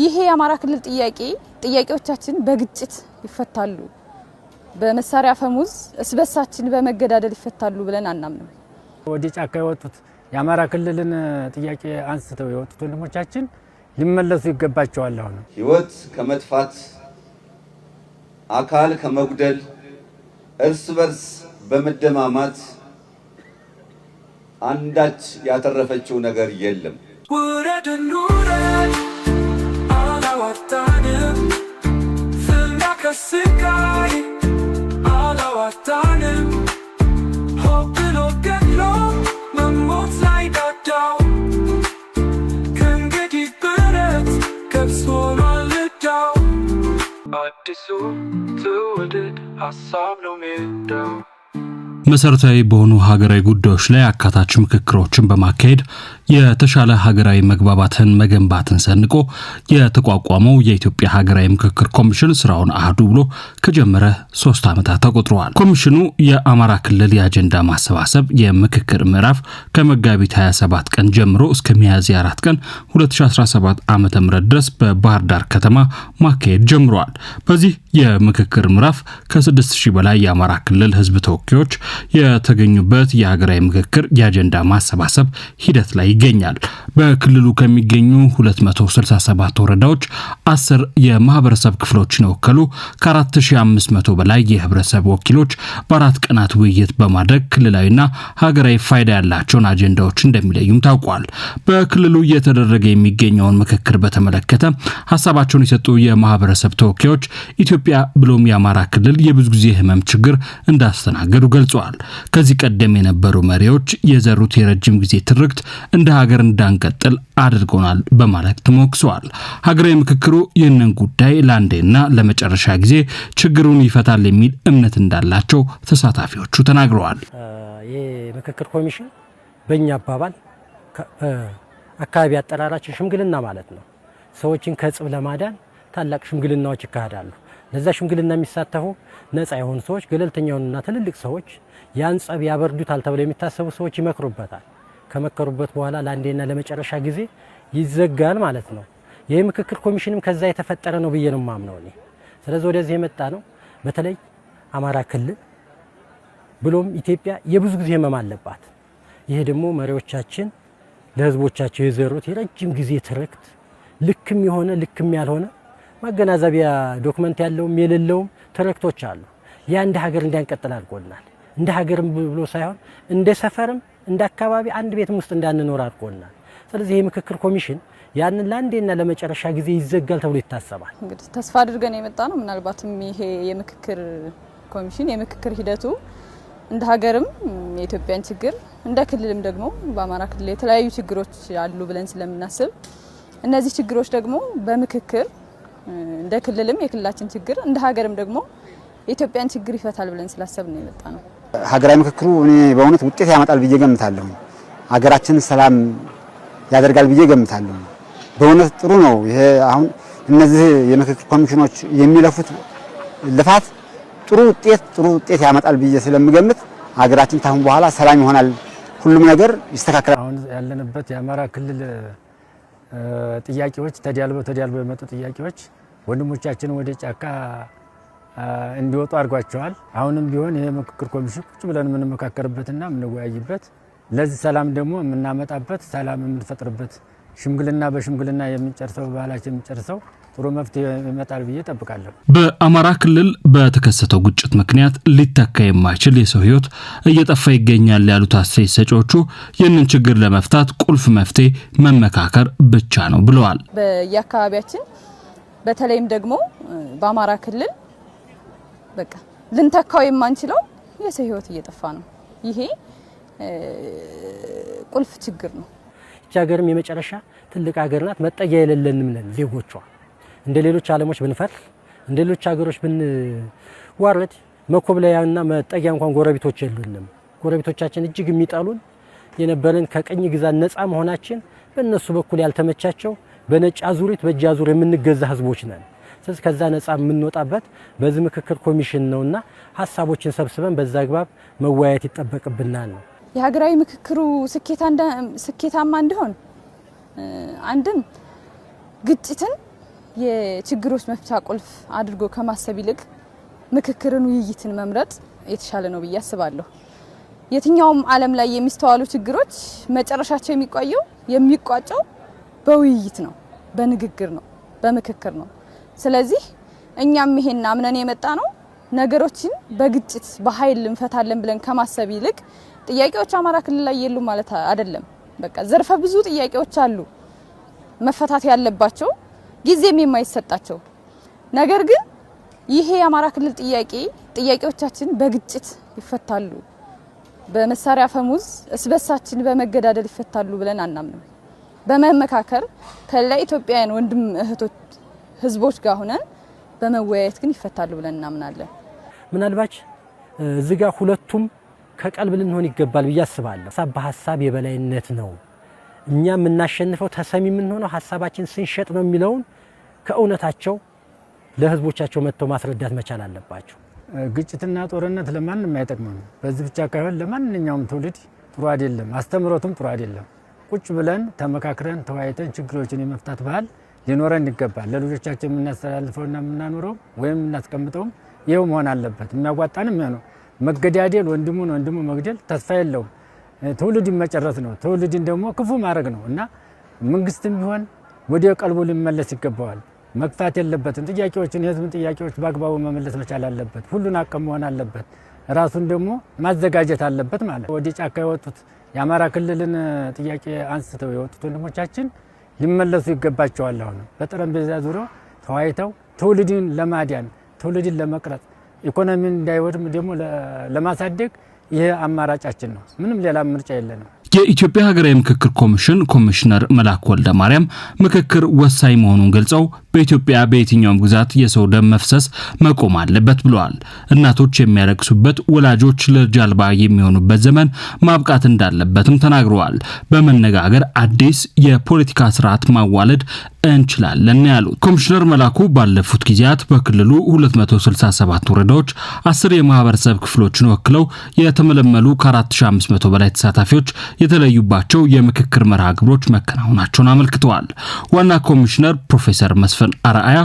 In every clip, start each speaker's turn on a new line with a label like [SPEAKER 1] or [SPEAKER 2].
[SPEAKER 1] ይሄ የአማራ ክልል ጥያቄ ጥያቄዎቻችን በግጭት ይፈታሉ፣ በመሳሪያ ፈሙዝ እስበሳችን በመገዳደል ይፈታሉ ብለን አናምንም።
[SPEAKER 2] ወደ ጫካ የወጡት የአማራ ክልልን ጥያቄ አንስተው የወጡት ወንድሞቻችን ሊመለሱ ይገባቸዋል። አሁን
[SPEAKER 3] ህይወት ከመጥፋት አካል ከመጉደል እርስ በርስ በመደማማት አንዳች ያተረፈችው ነገር የለም። ውረድ እንውረድ ከስቃይ አላዋጣንም። ሆብሎ ገድሎ
[SPEAKER 4] መሞት ላይ ዳዳው ከእንግዲህ ብረት ገብስ ሆኗል አዲሱ ትውልድ ሀሳብ ነው ሜዳው። መሰረታዊ በሆኑ ሀገራዊ ጉዳዮች ላይ አካታች ምክክሮችን በማካሄድ የተሻለ ሀገራዊ መግባባትን መገንባትን ሰንቆ የተቋቋመው የኢትዮጵያ ሀገራዊ ምክክር ኮሚሽን ስራውን አህዱ ብሎ ከጀመረ ሶስት ዓመታት ተቆጥረዋል። ኮሚሽኑ የአማራ ክልል የአጀንዳ ማሰባሰብ የምክክር ምዕራፍ ከመጋቢት 27 ቀን ጀምሮ እስከ ሚያዝያ 4 ቀን 2017 ዓ ም ድረስ በባህር ዳር ከተማ ማካሄድ ጀምረዋል። በዚህ የምክክር ምዕራፍ ከ6000 በላይ የአማራ ክልል ህዝብ ተወካዮች የተገኙበት የሀገራዊ ምክክር የአጀንዳ ማሰባሰብ ሂደት ላይ ይገኛል። በክልሉ ከሚገኙ 267 ወረዳዎች 10 የማህበረሰብ ክፍሎችን የወከሉ ከ4500 በላይ የህብረተሰብ ወኪሎች በአራት ቀናት ውይይት በማድረግ ክልላዊና ሀገራዊ ፋይዳ ያላቸውን አጀንዳዎች እንደሚለዩም ታውቋል። በክልሉ እየተደረገ የሚገኘውን ምክክር በተመለከተ ሀሳባቸውን የሰጡ የማህበረሰብ ተወካዮች ኢትዮጵያ ብሎም የአማራ ክልል የብዙ ጊዜ ህመም ችግር እንዳስተናገዱ ገልጸዋል። ከዚህ ቀደም የነበሩ መሪዎች የዘሩት የረጅም ጊዜ ትርክት እንደ እንደ ሀገር እንዳንቀጥል አድርጎናል በማለት ተሞክሰዋል። ሀገራዊ ምክክሩ ይህንን ጉዳይ ለአንዴና ለመጨረሻ ጊዜ ችግሩን ይፈታል የሚል እምነት እንዳላቸው ተሳታፊዎቹ ተናግረዋል።
[SPEAKER 5] ይህ ምክክር ኮሚሽን በእኛ አባባል አካባቢ አጠራራችን ሽምግልና ማለት ነው። ሰዎችን ከጽብ ለማዳን ታላቅ ሽምግልናዎች ይካሄዳሉ። ለዛ ሽምግልና የሚሳተፉ ነፃ የሆኑ ሰዎች፣ ገለልተኛ የሆኑና ትልልቅ ሰዎች ያን ጸብ ያበርዱታል ተብለው የሚታሰቡ ሰዎች ይመክሩበታል። ከመከሩበት በኋላ ለአንዴና ለመጨረሻ ጊዜ ይዘጋል ማለት ነው። የምክክር ምክክር ኮሚሽንም ከዛ የተፈጠረ ነው ብዬ ነው ማምነው እኔ። ስለዚህ ወደዚህ የመጣ ነው። በተለይ አማራ ክልል ብሎም ኢትዮጵያ የብዙ ጊዜ ህመም አለባት። ይሄ ደግሞ መሪዎቻችን ለህዝቦቻቸው የዘሩት የረጅም ጊዜ ትርክት ልክም የሆነ ልክም ያልሆነ ማገናዘቢያ ዶክመንት ያለውም የሌለውም ትርክቶች አሉ። ያ እንደ ሀገር እንዲያንቀጥል አድርጎናል። እንደ ሀገርም ብሎ ሳይሆን እንደ ሰፈርም እንደ አካባቢ አንድ ቤትም ውስጥ እንዳንኖር አድርጎናል። ስለዚህ ይህ ምክክር ኮሚሽን ያንን ለአንዴና ለመጨረሻ ጊዜ ይዘጋል ተብሎ ይታሰባል።
[SPEAKER 1] እንግዲህ ተስፋ አድርገን የመጣ ነው። ምናልባትም ይሄ የምክክር ኮሚሽን የምክክር ሂደቱ እንደ ሀገርም የኢትዮጵያን ችግር እንደ ክልልም ደግሞ በአማራ ክልል የተለያዩ ችግሮች አሉ ብለን ስለምናስብ እነዚህ ችግሮች ደግሞ በምክክር እንደ ክልልም የክልላችን ችግር እንደ ሀገርም ደግሞ የኢትዮጵያን ችግር ይፈታል ብለን ስላሰብ ነው የመጣ ነው።
[SPEAKER 6] ሀገራዊ ምክክሩ እኔ በእውነት ውጤት ያመጣል ብዬ ገምታለሁ። ሀገራችን ሰላም ያደርጋል ብዬ ገምታለሁ። በእውነት ጥሩ ነው። ይሄ አሁን እነዚህ የምክክር ኮሚሽኖች የሚለፉት ልፋት ጥሩ ውጤት ጥሩ ውጤት ያመጣል ብዬ ስለምገምት ሀገራችን ታሁን በኋላ ሰላም ይሆናል፣ ሁሉም ነገር ይስተካከላል።
[SPEAKER 2] አሁን ያለንበት የአማራ ክልል ጥያቄዎች ተዳልበው ተዳልበው የመጡ ጥያቄዎች ወንድሞቻችን ወደ ጫካ እንዲወጡ አድርጓቸዋል። አሁንም ቢሆን ይሄ ምክክር ኮሚሽን ቁጭ ብለን የምንመካከርበትና የምንወያይበት ለዚህ ሰላም ደግሞ የምናመጣበት ሰላም የምንፈጥርበት ሽምግልና በሽምግልና የምንጨርሰው በባህላችን የምንጨርሰው ጥሩ መፍትሄ ይመጣል ብዬ ጠብቃለሁ።
[SPEAKER 4] በአማራ ክልል በተከሰተው ግጭት ምክንያት ሊተካ የማይችል የሰው ሕይወት እየጠፋ ይገኛል ያሉት አስተያየት ሰጪዎቹ ይህንን ችግር ለመፍታት ቁልፍ መፍትሄ መመካከር ብቻ ነው ብለዋል።
[SPEAKER 1] በየአካባቢያችን በተለይም ደግሞ በአማራ ክልል በቃ ልንተካው የማንችለው የሰው ህይወት እየጠፋ ነው። ይሄ ቁልፍ ችግር ነው።
[SPEAKER 5] ይቺ ሀገርም የመጨረሻ ትልቅ ሀገር ናት። መጠጊያ የሌለንም ነን ዜጎቿ። እንደ ሌሎች ዓለሞች ብንፈር፣ እንደ ሌሎች ሀገሮች ብንዋረድ መኮብለያና መጠጊያ እንኳን ጎረቤቶች የሉንም። ጎረቤቶቻችን እጅግ የሚጠሉን የነበረን ከቅኝ ግዛት ነፃ መሆናችን በእነሱ በኩል ያልተመቻቸው በነጭ አዙሪት በእጅ አዙር የምንገዛ ህዝቦች ነን። ስንናዘዝ ከዛ ነፃ የምንወጣበት በዚህ ምክክር ኮሚሽን ነውና ሀሳቦችን ሰብስበን በዛ አግባብ መወያየት ይጠበቅብናል ነው።
[SPEAKER 1] የሀገራዊ ምክክሩ ስኬታማ እንዲሆን አንድም ግጭትን የችግሮች መፍቻ ቁልፍ አድርጎ ከማሰብ ይልቅ ምክክርን፣ ውይይትን መምረጥ የተሻለ ነው ብዬ አስባለሁ። የትኛውም ዓለም ላይ የሚስተዋሉ ችግሮች መጨረሻቸው የሚቆየው የሚቋጨው በውይይት ነው፣ በንግግር ነው፣ በምክክር ነው። ስለዚህ እኛም ይሄን አምነን የመጣ ነው ነገሮችን በግጭት በኃይል እንፈታለን ብለን ከማሰብ ይልቅ ጥያቄዎች አማራ ክልል ላይ የሉ ማለት አይደለም። በቃ ዘርፈ ብዙ ጥያቄዎች አሉ መፈታት ያለባቸው ጊዜም የማይሰጣቸው ነገር ግን ይሄ የአማራ ክልል ጥያቄ ጥያቄዎቻችን በግጭት ይፈታሉ፣ በመሳሪያ ፈሙዝ እስበሳችን በመገዳደል ይፈታሉ ብለን አናምንም። በመመካከር ከላይ ኢትዮጵያውያን ወንድም እህቶች ህዝቦች ጋር ሆነን በመወያየት ግን ይፈታሉ ብለን እናምናለን።
[SPEAKER 5] ምናልባች እዚህ ጋር ሁለቱም ከቀልብ ልንሆን ይገባል ብዬ አስባለሁ። ሀሳብ በሀሳብ የበላይነት ነው። እኛ የምናሸንፈው ተሰሚ የምንሆነው ሀሳባችን ስንሸጥ ነው የሚለውን ከእውነታቸው ለህዝቦቻቸው መጥተው ማስረዳት መቻል አለባቸው።
[SPEAKER 2] ግጭትና ጦርነት ለማንም አይጠቅምም። በዚህ ብቻ ካይሆን ለማንኛውም ትውልድ ጥሩ አይደለም፣ አስተምሮቱም ጥሩ አይደለም። ቁጭ ብለን ተመካክረን ተወያይተን ችግሮችን የመፍታት ባህል ሊኖረን ይገባል። ለልጆቻችን የምናስተላልፈውና የምናኖረው ወይም የምናስቀምጠውም ይኸው መሆን አለበት። የሚያዋጣንም ነው። መገዳደል፣ ወንድሙን ወንድሙ መግደል ተስፋ የለውም። ትውልድን መጨረስ ነው። ትውልድን ደግሞ ክፉ ማድረግ ነው እና መንግስትም ቢሆን ወደ ቀልቡ ሊመለስ ይገባዋል። መግፋት የለበትም። ጥያቄዎችን የህዝብን ጥያቄዎች በአግባቡ መመለስ መቻል አለበት። ሁሉን አቀም መሆን አለበት። ራሱን ደግሞ ማዘጋጀት አለበት ማለት ወደ ጫካ የወጡት የአማራ ክልልን ጥያቄ አንስተው የወጡት ወንድሞቻችን ሊመለሱ ይገባቸዋል። አሁን በጠረጴዛ ዙሪያ ተወያይተው ትውልድን ለማዳን ትውልድን ለመቅረጽ ኢኮኖሚን እንዳይወድም ደግሞ ለማሳደግ ይህ አማራጫችን ነው። ምንም ሌላ ምርጫ የለንም።
[SPEAKER 4] የኢትዮጵያ ሀገራዊ ምክክር ኮሚሽን ኮሚሽነር መላክ ወልደ ማርያም ምክክር ወሳኝ መሆኑን ገልጸው በኢትዮጵያ በየትኛውም ግዛት የሰው ደም መፍሰስ መቆም አለበት ብለዋል። እናቶች የሚያለቅሱበት፣ ወላጆች ልጅ አልባ የሚሆኑበት ዘመን ማብቃት እንዳለበትም ተናግረዋል። በመነጋገር አዲስ የፖለቲካ ስርዓት ማዋለድ እንችላለን ያሉት ኮሚሽነር መላኩ ባለፉት ጊዜያት በክልሉ 267 ወረዳዎች አስር የማህበረሰብ ክፍሎችን ወክለው የተመለመሉ ከ4500 በላይ ተሳታፊዎች የተለዩባቸው የምክክር መርሃ ግብሮች መከናወናቸውን አመልክተዋል። ዋና ኮሚሽነር ፕሮፌሰር መስፍን አርአያ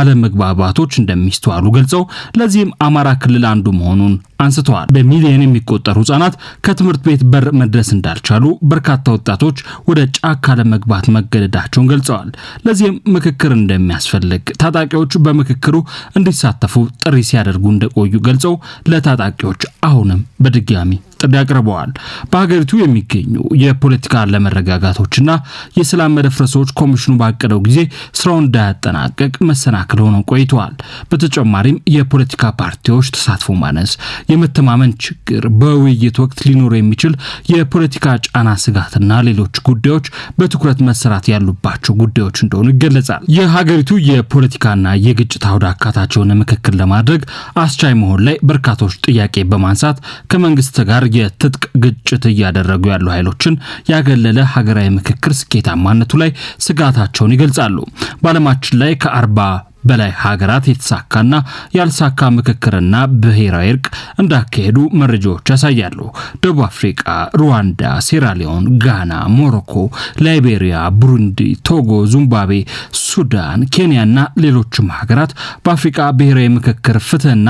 [SPEAKER 4] አለመግባባቶች እንደሚስተዋሉ ገልጸው ለዚህም አማራ ክልል አንዱ መሆኑን አንስተዋል። በሚሊዮን የሚቆጠሩ ህጻናት ከትምህርት ቤት በር መድረስ እንዳልቻሉ በርካታ ወጣቶች ወደ ጫካ ለመግባት መገደዳቸውን ገልጸዋል። ለዚህም ምክክር እንደሚያስፈልግ ታጣቂዎቹ በምክክሩ እንዲሳተፉ ጥሪ ሲያደርጉ እንደቆዩ ገልጸው ለታጣቂዎች አሁንም በድጋሚ ጥሪ አቅርበዋል። በሀገሪቱ የሚገኙ የፖለቲካ አለመረጋጋቶችና የሰላም መደፍረሶች ኮሚሽኑ ባቀደው ጊዜ ስራውን እንዳያጠናቀቅ መሰናክል ሆነው ቆይተዋል። በተጨማሪም የፖለቲካ ፓርቲዎች ተሳትፎ ማነስ፣ የመተማመን ችግር፣ በውይይት ወቅት ሊኖር የሚችል የፖለቲካ ጫና ስጋትና ሌሎች ጉዳዮች በትኩረት መሰራት ያሉባቸው ጉዳዮች እንደሆኑ ይገለጻል። የሀገሪቱ የፖለቲካና የግጭት አውድ አካታቸውን ምክክል ለማድረግ አስቻይ መሆን ላይ በርካቶች ጥያቄ በማንሳት ከመንግስት ጋር የትጥቅ ግጭት እያደረጉ ያሉ ኃይሎችን ያገለለ ሀገራዊ ምክክር ስኬታማነቱ ላይ ስጋታቸውን ይገልጻሉ። በዓለማችን ላይ ከአርባ በላይ ሀገራት የተሳካና ያልሳካ ምክክርና ብሔራዊ እርቅ እንዳካሄዱ መረጃዎች ያሳያሉ። ደቡብ አፍሪቃ፣ ሩዋንዳ፣ ሴራሊዮን፣ ጋና፣ ሞሮኮ፣ ላይቤሪያ፣ ቡሩንዲ፣ ቶጎ፣ ዙምባቤ፣ ሱዳን፣ ኬንያና ሌሎችም ሀገራት በአፍሪቃ ብሔራዊ ምክክር ፍትህና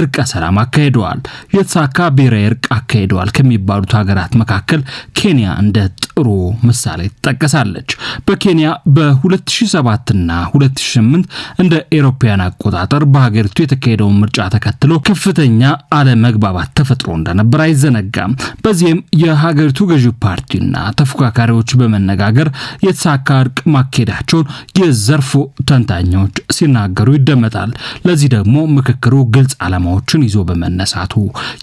[SPEAKER 4] እርቀ ሰላም አካሂደዋል። የተሳካ ብሔራዊ እርቅ አካሂደዋል ከሚባሉት ሀገራት መካከል ኬንያ እንደ ጥሩ ምሳሌ ትጠቀሳለች። በኬንያ በ2007 ና 2008 እንደ ኤሮፓያን አቆጣጠር በሀገሪቱ የተካሄደውን ምርጫ ተከትሎ ከፍተኛ አለመግባባት ተፈጥሮ እንደነበር አይዘነጋም። በዚህም የሀገሪቱ ገዢ ፓርቲና ተፎካካሪዎች በመነጋገር የተሳካ እርቅ ማካሄዳቸውን የዘርፉ ተንታኞች ሲናገሩ ይደመጣል። ለዚህ ደግሞ ምክክሩ ግልጽ ዓላማዎችን ይዞ በመነሳቱ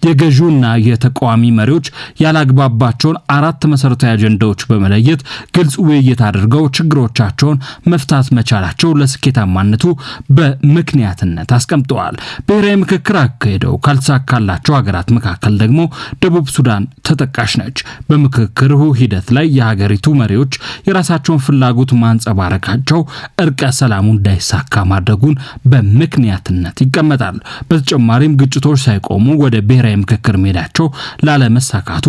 [SPEAKER 4] የገዢውና የተቃዋሚ መሪዎች ያላግባባቸውን አራት መሠረታዊ አጀንዳ ጉዳዮች በመለየት ግልጽ ውይይት አድርገው ችግሮቻቸውን መፍታት መቻላቸው ለስኬታማነቱ በምክንያትነት አስቀምጠዋል። ብሔራዊ ምክክር አካሄደው ካልተሳካላቸው ሀገራት መካከል ደግሞ ደቡብ ሱዳን ተጠቃሽ ነች። በምክክሩ ሂደት ላይ የሀገሪቱ መሪዎች የራሳቸውን ፍላጎት ማንጸባረቃቸው እርቀ ሰላሙ እንዳይሳካ ማድረጉን በምክንያትነት ይቀመጣል። በተጨማሪም ግጭቶች ሳይቆሙ ወደ ብሔራዊ ምክክር መሄዳቸው ላለመሳካቱ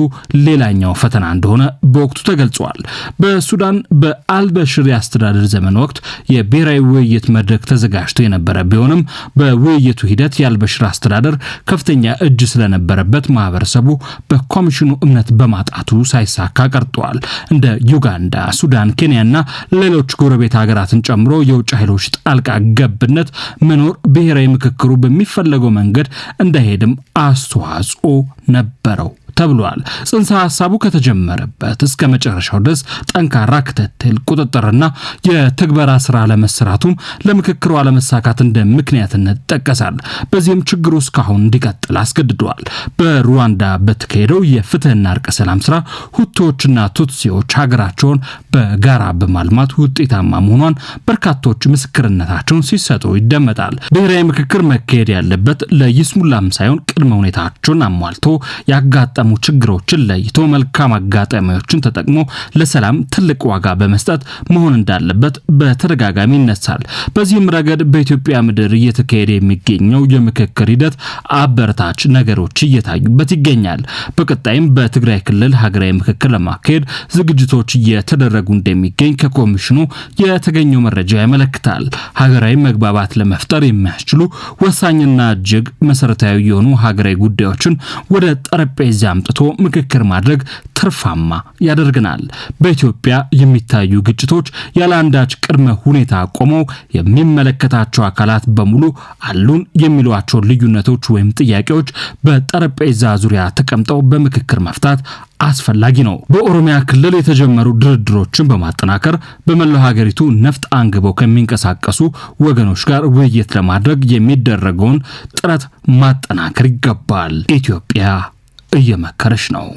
[SPEAKER 4] ሌላኛው ፈተና እንደሆነ በወቅቱ ተገልጿል። በሱዳን በአልበሽር የአስተዳደር ዘመን ወቅት የብሔራዊ ውይይት መድረክ ተዘጋጅቶ የነበረ ቢሆንም በውይይቱ ሂደት የአልበሽር አስተዳደር ከፍተኛ እጅ ስለነበረበት ማህበረሰቡ በኮሚሽኑ እምነት በማጣቱ ሳይሳካ ቀርጧል። እንደ ዩጋንዳ፣ ሱዳን፣ ኬንያና ሌሎች ጎረቤት ሀገራትን ጨምሮ የውጭ ኃይሎች ጣልቃ ገብነት መኖር ብሔራዊ ምክክሩ በሚፈለገው መንገድ እንዳይሄድም አስተዋጽኦ ነበረው። ተብሏል። ጽንሰ ሀሳቡ ከተጀመረበት እስከ መጨረሻው ድረስ ጠንካራ ክትትል፣ ቁጥጥርና የትግበራ ስራ ለመስራቱም ለምክክሩ አለመሳካት እንደ ምክንያትነት ይጠቀሳል። በዚህም ችግሩ እስካሁን እንዲቀጥል አስገድደዋል። በሩዋንዳ በተካሄደው የፍትህና እርቀ ሰላም ስራ ሁቶዎችና ቱትሲዎች ሀገራቸውን በጋራ በማልማት ውጤታማ መሆኗን በርካቶች ምስክርነታቸውን ሲሰጡ ይደመጣል። ብሔራዊ ምክክር መካሄድ ያለበት ለይስሙላም ሳይሆን ቅድመ ሁኔታቸውን አሟልቶ ያጋጠ ያጋጠሙ ችግሮችን ለይቶ መልካም አጋጣሚዎችን ተጠቅሞ ለሰላም ትልቅ ዋጋ በመስጠት መሆን እንዳለበት በተደጋጋሚ ይነሳል። በዚህም ረገድ በኢትዮጵያ ምድር እየተካሄደ የሚገኘው የምክክር ሂደት አበረታች ነገሮች እየታዩበት ይገኛል። በቀጣይም በትግራይ ክልል ሀገራዊ ምክክር ለማካሄድ ዝግጅቶች እየተደረጉ እንደሚገኝ ከኮሚሽኑ የተገኘው መረጃ ያመለክታል። ሀገራዊ መግባባት ለመፍጠር የሚያስችሉ ወሳኝና እጅግ መሰረታዊ የሆኑ ሀገራዊ ጉዳዮችን ወደ ጠረጴዛ አምጥቶ ምክክር ማድረግ ትርፋማ ያደርግናል። በኢትዮጵያ የሚታዩ ግጭቶች ያለ አንዳች ቅድመ ሁኔታ ቆመው የሚመለከታቸው አካላት በሙሉ አሉን የሚሏቸውን ልዩነቶች ወይም ጥያቄዎች በጠረጴዛ ዙሪያ ተቀምጠው በምክክር መፍታት አስፈላጊ ነው። በኦሮሚያ ክልል የተጀመሩ ድርድሮችን በማጠናከር በመላው ሀገሪቱ ነፍጥ አንግበው ከሚንቀሳቀሱ ወገኖች ጋር ውይይት ለማድረግ የሚደረገውን ጥረት ማጠናከር ይገባል። ኢትዮጵያ እየመከረች ነው።